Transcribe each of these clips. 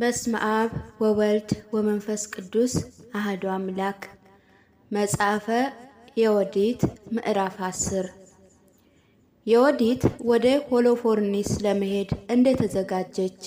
በስመ አብ ወወልድ ወመንፈስ ቅዱስ አህዶ አምላክ። መጽሐፈ የወዲት ምዕራፍ አስር የወዲት ወደ ሆሎፎርኒስ ለመሄድ እንደተዘጋጀች።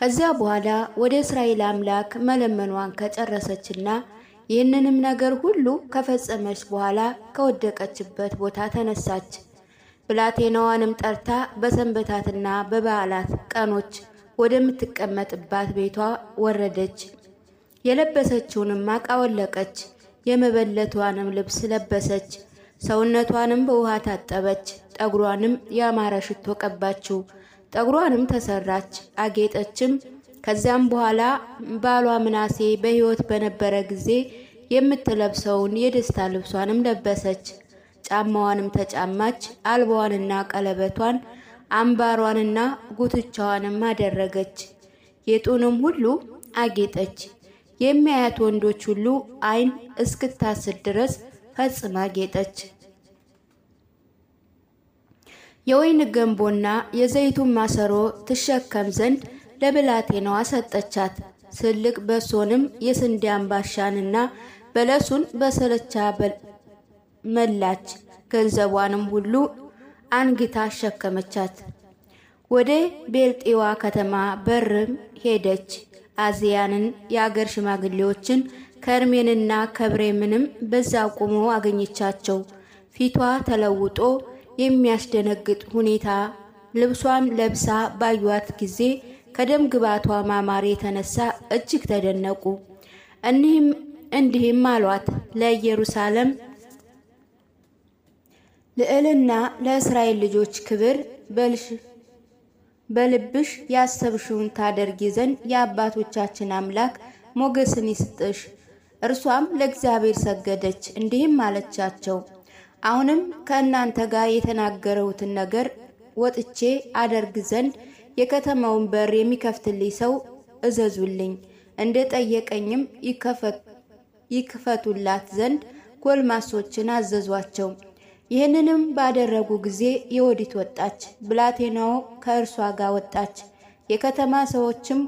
ከዚያ በኋላ ወደ እስራኤል አምላክ መለመኗን ከጨረሰችና ይህንንም ነገር ሁሉ ከፈጸመች በኋላ ከወደቀችበት ቦታ ተነሳች። ብላቴናዋንም ጠርታ በሰንበታትና በበዓላት ቀኖች ወደምትቀመጥባት ቤቷ ወረደች። የለበሰችውንም ማቅ አወለቀች። የመበለቷንም ልብስ ለበሰች። ሰውነቷንም በውሃ ታጠበች። ጠጉሯንም ያማረ ሽቶ ቀባችው። ጠጉሯንም ተሰራች፣ አጌጠችም። ከዚያም በኋላ ባሏ ምናሴ በሕይወት በነበረ ጊዜ የምትለብሰውን የደስታ ልብሷንም ለበሰች። ጫማዋንም ተጫማች። አልባዋንና ቀለበቷን አምባሯንና ጉትቻዋንም አደረገች፣ ጌጡንም ሁሉ አጌጠች። የሚያያት ወንዶች ሁሉ ዓይን እስክታስር ድረስ ፈጽማ ጌጠች። የወይን ገንቦና የዘይቱን ማሰሮ ትሸከም ዘንድ ለብላቴናዋ ሰጠቻት። ስልቅ በሶንም የስንዴ አምባሻንና በለሱን በሰለቻ መላች። ገንዘቧንም ሁሉ አንግታ አሸከመቻት። ወደ ቤልጤዋ ከተማ በርም ሄደች። አዚያንን የአገር ሽማግሌዎችን ከርሜንና ከብሬምንም በዛ ቆሞ አገኘቻቸው። ፊቷ ተለውጦ የሚያስደነግጥ ሁኔታ ልብሷን ለብሳ ባዩት ጊዜ ከደም ግባቷ ማማር የተነሳ እጅግ ተደነቁ። እንዲህም አሏት ለኢየሩሳሌም ልዕልና ለእስራኤል ልጆች ክብር በልሽ በልብሽ ያሰብሽውን ታደርጊ ዘንድ የአባቶቻችን አምላክ ሞገስን ይስጥሽ። እርሷም ለእግዚአብሔር ሰገደች፣ እንዲህም አለቻቸው፣ አሁንም ከእናንተ ጋር የተናገረሁትን ነገር ወጥቼ አደርግ ዘንድ የከተማውን በር የሚከፍትልኝ ሰው እዘዙልኝ፣ እንደ ጠየቀኝም ይክፈቱላት ዘንድ ጎልማሶችን አዘዟቸው። ይህንንም ባደረጉ ጊዜ የወዲት ወጣች፣ ብላቴናው ከእርሷ ጋር ወጣች። የከተማ ሰዎችም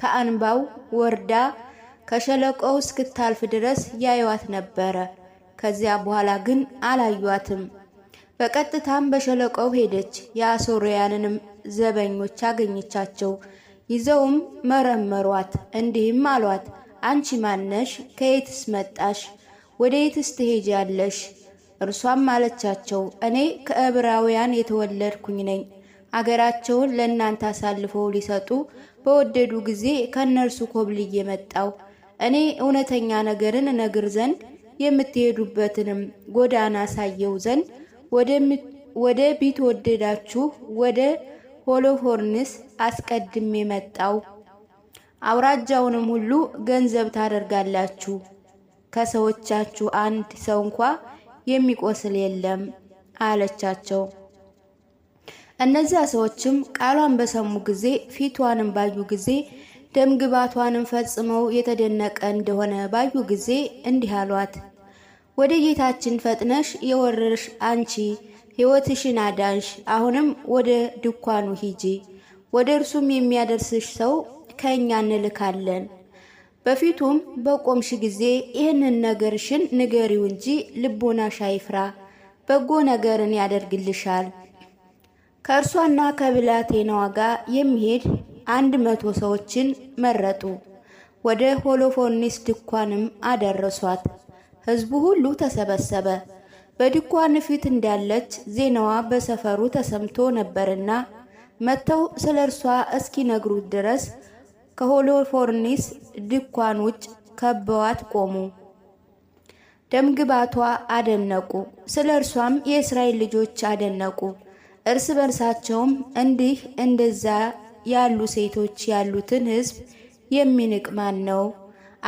ከአንባው ወርዳ ከሸለቆው እስክታልፍ ድረስ ያዩዋት ነበረ። ከዚያ በኋላ ግን አላዩዋትም። በቀጥታም በሸለቆው ሄደች። የአሶርያንንም ዘበኞች አገኘቻቸው። ይዘውም መረመሯት፣ እንዲህም አሏት፦ አንቺ ማነሽ? ከየትስ መጣሽ? ወደ የትስ ትሄጃለሽ? እርሷም አለቻቸው፣ እኔ ከእብራውያን የተወለድኩኝ ነኝ። አገራቸውን ለእናንተ አሳልፈው ሊሰጡ በወደዱ ጊዜ ከእነርሱ ኮብልዬ መጣው። እኔ እውነተኛ ነገርን እነግር ዘንድ የምትሄዱበትንም ጎዳና ሳየው ዘንድ ወደ ቢት ወደዳችሁ ወደ ሆሎፎርንስ አስቀድሜ መጣው። አውራጃውንም ሁሉ ገንዘብ ታደርጋላችሁ ከሰዎቻችሁ አንድ ሰው እንኳ የሚቆስል የለም አለቻቸው። እነዚያ ሰዎችም ቃሏን በሰሙ ጊዜ ፊቷንም ባዩ ጊዜ ደምግባቷንም ፈጽመው የተደነቀ እንደሆነ ባዩ ጊዜ እንዲህ አሏት፣ ወደ ጌታችን ፈጥነሽ የወረርሽ አንቺ ሕይወትሽን አዳንሽ። አሁንም ወደ ድኳኑ ሂጂ፣ ወደ እርሱም የሚያደርስሽ ሰው ከእኛ እንልካለን። በፊቱም በቆምሽ ጊዜ ይህንን ነገርሽን ንገሪው እንጂ ልቦናሽ አይፍራ፣ በጎ ነገርን ያደርግልሻል። ከእርሷና ከብላቴናዋ ጋር የሚሄድ አንድ መቶ ሰዎችን መረጡ። ወደ ሆሎፎኒስ ድኳንም አደረሷት። ሕዝቡ ሁሉ ተሰበሰበ። በድኳን ፊት እንዳለች ዜናዋ በሰፈሩ ተሰምቶ ነበርና መጥተው ስለ እርሷ እስኪነግሩት ድረስ ከሆሎፎርኒስ ድኳን ውጭ ከበዋት ቆሙ። ደምግባቷ አደነቁ። ስለ እርሷም የእስራኤል ልጆች አደነቁ። እርስ በርሳቸውም እንዲህ እንደዛ ያሉ ሴቶች ያሉትን ሕዝብ የሚንቅ ማን ነው?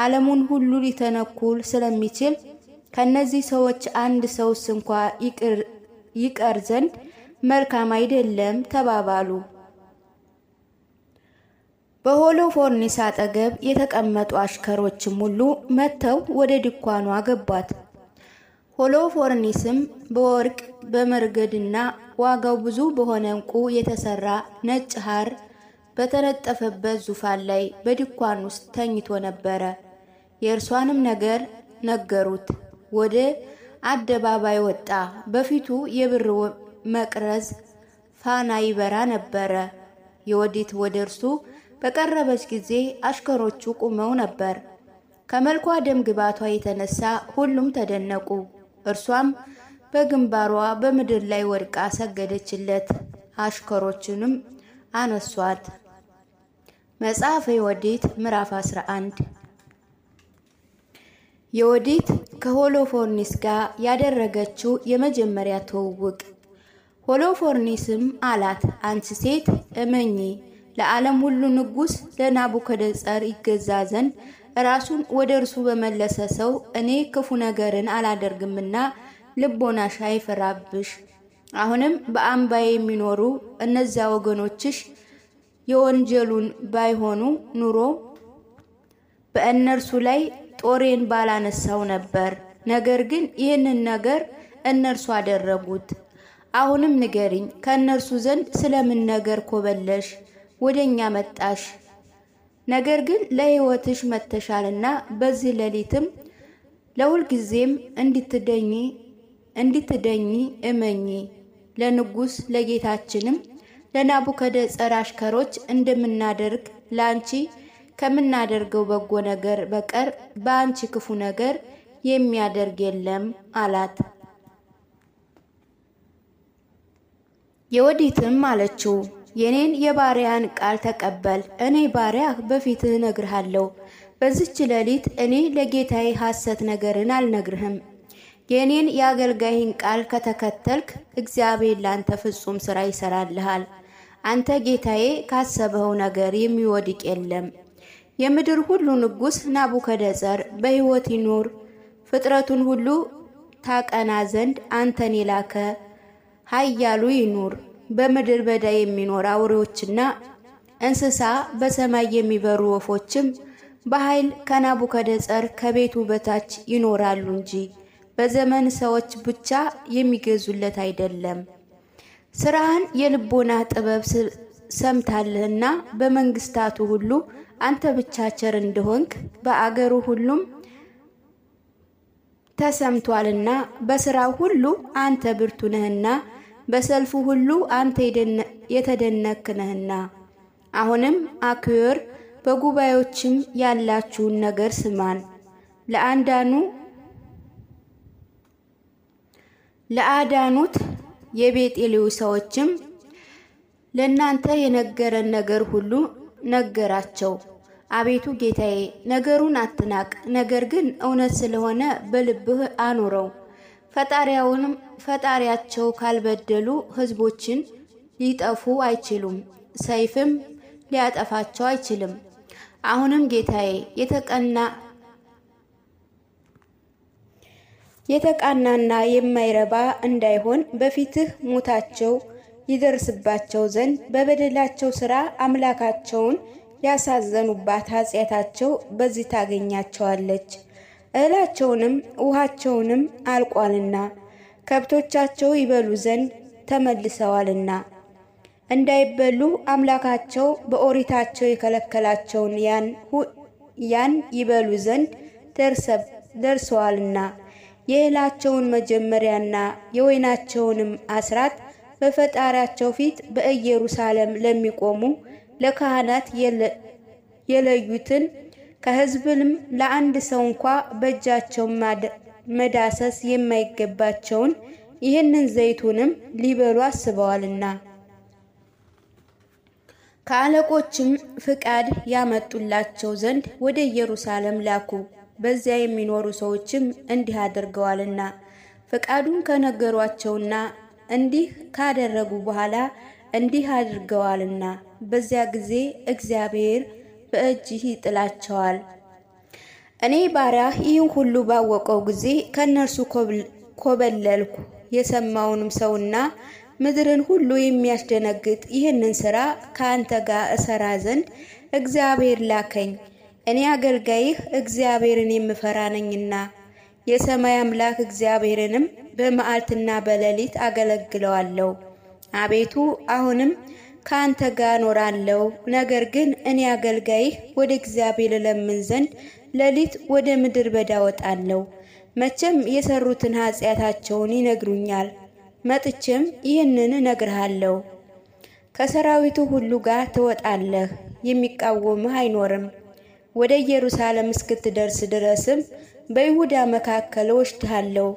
ዓለሙን ሁሉ ሊተነኩል ስለሚችል ከእነዚህ ሰዎች አንድ ሰውስ እንኳ ይቀር ዘንድ መልካም አይደለም ተባባሉ። በሆሎፎርኒስ አጠገብ የተቀመጡ አሽከሮችም ሁሉ መጥተው ወደ ድኳኗ ሆሎ ሆሎፎርኒስም በወርቅ በመርገድና ዋጋው ብዙ በሆነ እንቁ የተሰራ ነጭ ሐር በተነጠፈበት ዙፋን ላይ በድኳን ውስጥ ተኝቶ ነበረ። የእርሷንም ነገር ነገሩት። ወደ አደባባይ ወጣ። በፊቱ የብር መቅረዝ ፋና ይበራ ነበረ። የወዲት ወደ እርሱ በቀረበች ጊዜ አሽከሮቹ ቁመው ነበር። ከመልኳ ደም ግባቷ የተነሳ ሁሉም ተደነቁ። እርሷም በግንባሯ በምድር ላይ ወድቃ ሰገደችለት። አሽከሮችንም አነሷት። መጽሐፈ የወዲት ምዕራፍ 11 የወዲት ከሆሎፎርኒስ ጋር ያደረገችው የመጀመሪያ ትውውቅ። ሆሎፎርኒስም አላት፣ አንቺ ሴት እመኚ ለዓለም ሁሉ ንጉሥ ለናቡከደጸር ይገዛ ዘንድ ራሱን ወደ እርሱ በመለሰ ሰው እኔ ክፉ ነገርን አላደርግምና ልቦናሽ አይፈራብሽ። አሁንም በአምባዬ የሚኖሩ እነዚያ ወገኖችሽ የወንጀሉን ባይሆኑ ኑሮ በእነርሱ ላይ ጦሬን ባላነሳው ነበር። ነገር ግን ይህንን ነገር እነርሱ አደረጉት። አሁንም ንገሪኝ፣ ከእነርሱ ዘንድ ስለምን ነገር ኮበለሽ? ወደ እኛ መጣሽ። ነገር ግን ለሕይወትሽ መተሻልና በዚህ ሌሊትም ለሁልጊዜም እንድትደኝ እንድትደኝ እመኚ። ለንጉሥ ለጌታችንም ለናቡከደጸር አሽከሮች እንደምናደርግ ለአንቺ ከምናደርገው በጎ ነገር በቀር በአንቺ ክፉ ነገር የሚያደርግ የለም አላት። የወዲትም አለችው የኔን የባሪያን ቃል ተቀበል፣ እኔ ባሪያህ በፊትህ እነግርሃለሁ። በዚች ሌሊት እኔ ለጌታዬ ሐሰት ነገርን አልነግርህም። የኔን የአገልጋይን ቃል ከተከተልክ እግዚአብሔር ላንተ ፍጹም ሥራ ይሠራልሃል። አንተ ጌታዬ ካሰበኸው ነገር የሚወድቅ የለም። የምድር ሁሉ ንጉሥ ናቡከደጸር በሕይወት ይኑር፣ ፍጥረቱን ሁሉ ታቀና ዘንድ አንተን የላከ ኃያሉ ይኑር። በምድር በዳ የሚኖር አውሬዎችና እንስሳ በሰማይ የሚበሩ ወፎችም በኃይል ከናቡከደጸር ከቤቱ በታች ይኖራሉ እንጂ በዘመን ሰዎች ብቻ የሚገዙለት አይደለም። ስራህን የልቦና ጥበብ ሰምታለህና በመንግስታቱ ሁሉ አንተ ብቻ ቸር እንደሆንክ በአገሩ ሁሉም ተሰምቷልና በስራው ሁሉ አንተ ብርቱ ነህና በሰልፉ ሁሉ አንተ የተደነክ ነህና። አሁንም አክዮር በጉባኤዎችም ያላችሁን ነገር ስማን። ለአንዳኑ ለአዳኑት የቤጤሌው ሰዎችም ለእናንተ የነገረን ነገር ሁሉ ነገራቸው። አቤቱ ጌታዬ ነገሩን አትናቅ፣ ነገር ግን እውነት ስለሆነ በልብህ አኑረው ፈጣሪያውንም ፈጣሪያቸው ካልበደሉ ህዝቦችን ሊጠፉ አይችሉም፣ ሰይፍም ሊያጠፋቸው አይችልም። አሁንም ጌታዬ የተቀና የተቃናና የማይረባ እንዳይሆን በፊትህ ሞታቸው ይደርስባቸው ዘንድ በበደላቸው ሥራ አምላካቸውን ያሳዘኑባት ኃጢአታቸው በዚህ ታገኛቸዋለች። እህላቸውንም ውሃቸውንም አልቋልና ከብቶቻቸው ይበሉ ዘንድ ተመልሰዋልና እንዳይበሉ አምላካቸው በኦሪታቸው የከለከላቸውን ያን ይበሉ ዘንድ ደርሰዋልና የእህላቸውን መጀመሪያና የወይናቸውንም አስራት በፈጣሪያቸው ፊት በኢየሩሳሌም ለሚቆሙ ለካህናት የለዩትን ከሕዝብም ለአንድ ሰው እንኳ በእጃቸው መዳሰስ የማይገባቸውን ይህንን ዘይቱንም ሊበሉ አስበዋልና ከአለቆችም ፍቃድ ያመጡላቸው ዘንድ ወደ ኢየሩሳሌም ላኩ። በዚያ የሚኖሩ ሰዎችም እንዲህ አድርገዋልና ፈቃዱን ከነገሯቸውና እንዲህ ካደረጉ በኋላ እንዲህ አድርገዋልና በዚያ ጊዜ እግዚአብሔር በእጅህ ይጥላቸዋል። እኔ ባሪያ ይህን ሁሉ ባወቀው ጊዜ ከእነርሱ ኮበለልኩ። የሰማውንም ሰውና ምድርን ሁሉ የሚያስደነግጥ ይህንን ሥራ ከአንተ ጋር እሰራ ዘንድ እግዚአብሔር ላከኝ። እኔ አገልጋይህ እግዚአብሔርን የምፈራ ነኝና የሰማይ አምላክ እግዚአብሔርንም በመዓልትና በሌሊት አገለግለዋለሁ። አቤቱ አሁንም ከአንተ ጋር እኖራለሁ። ነገር ግን እኔ አገልጋይህ ወደ እግዚአብሔር እለምን ዘንድ ሌሊት ወደ ምድር በዳ ወጣለሁ። መቼም የሰሩትን ኃጢአታቸውን ይነግሩኛል። መጥቼም ይህንን እነግርሃለሁ። ከሰራዊቱ ሁሉ ጋር ትወጣለህ፣ የሚቃወምህ አይኖርም። ወደ ኢየሩሳሌም እስክትደርስ ድረስም በይሁዳ መካከል ወሽድሃለሁ፣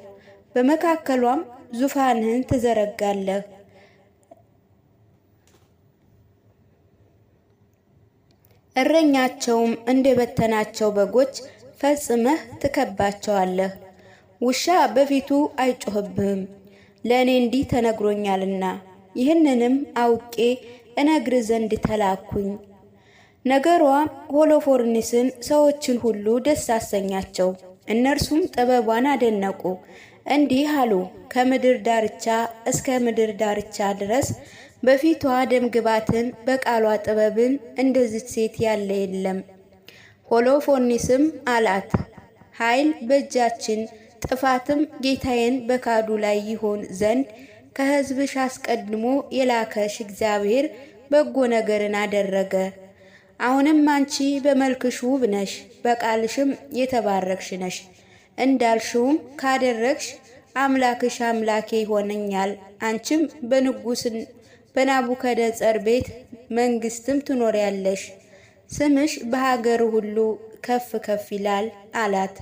በመካከሏም ዙፋንህን ትዘረጋለህ። እረኛቸውም እንደ በተናቸው በጎች ፈጽመህ ትከባቸዋለህ። ውሻ በፊቱ አይጮህብህም፣ ለእኔ እንዲህ ተነግሮኛልና ይህንንም አውቄ እነግር ዘንድ ተላኩኝ። ነገሯ ሆሎፎርኒስን ሰዎችን ሁሉ ደስ አሰኛቸው። እነርሱም ጥበቧን አደነቁ። እንዲህ አሉ። ከምድር ዳርቻ እስከ ምድር ዳርቻ ድረስ በፊቷ ደምግባትን በቃሏ ጥበብን እንደዚች ሴት ያለ የለም። ሆሎፎኒስም አላት፣ ኃይል በእጃችን ጥፋትም ጌታዬን በካዱ ላይ ይሆን ዘንድ ከሕዝብሽ አስቀድሞ የላከሽ እግዚአብሔር በጎ ነገርን አደረገ። አሁንም አንቺ በመልክሽ ውብ ነሽ፣ በቃልሽም የተባረክሽ ነሽ። እንዳልሽውም ካደረግሽ አምላክሽ አምላኬ ይሆነኛል። አንቺም በንጉስ በናቡከደጸር ቤት መንግስትም ትኖሪያለሽ። ስምሽ በሀገር ሁሉ ከፍ ከፍ ይላል አላት።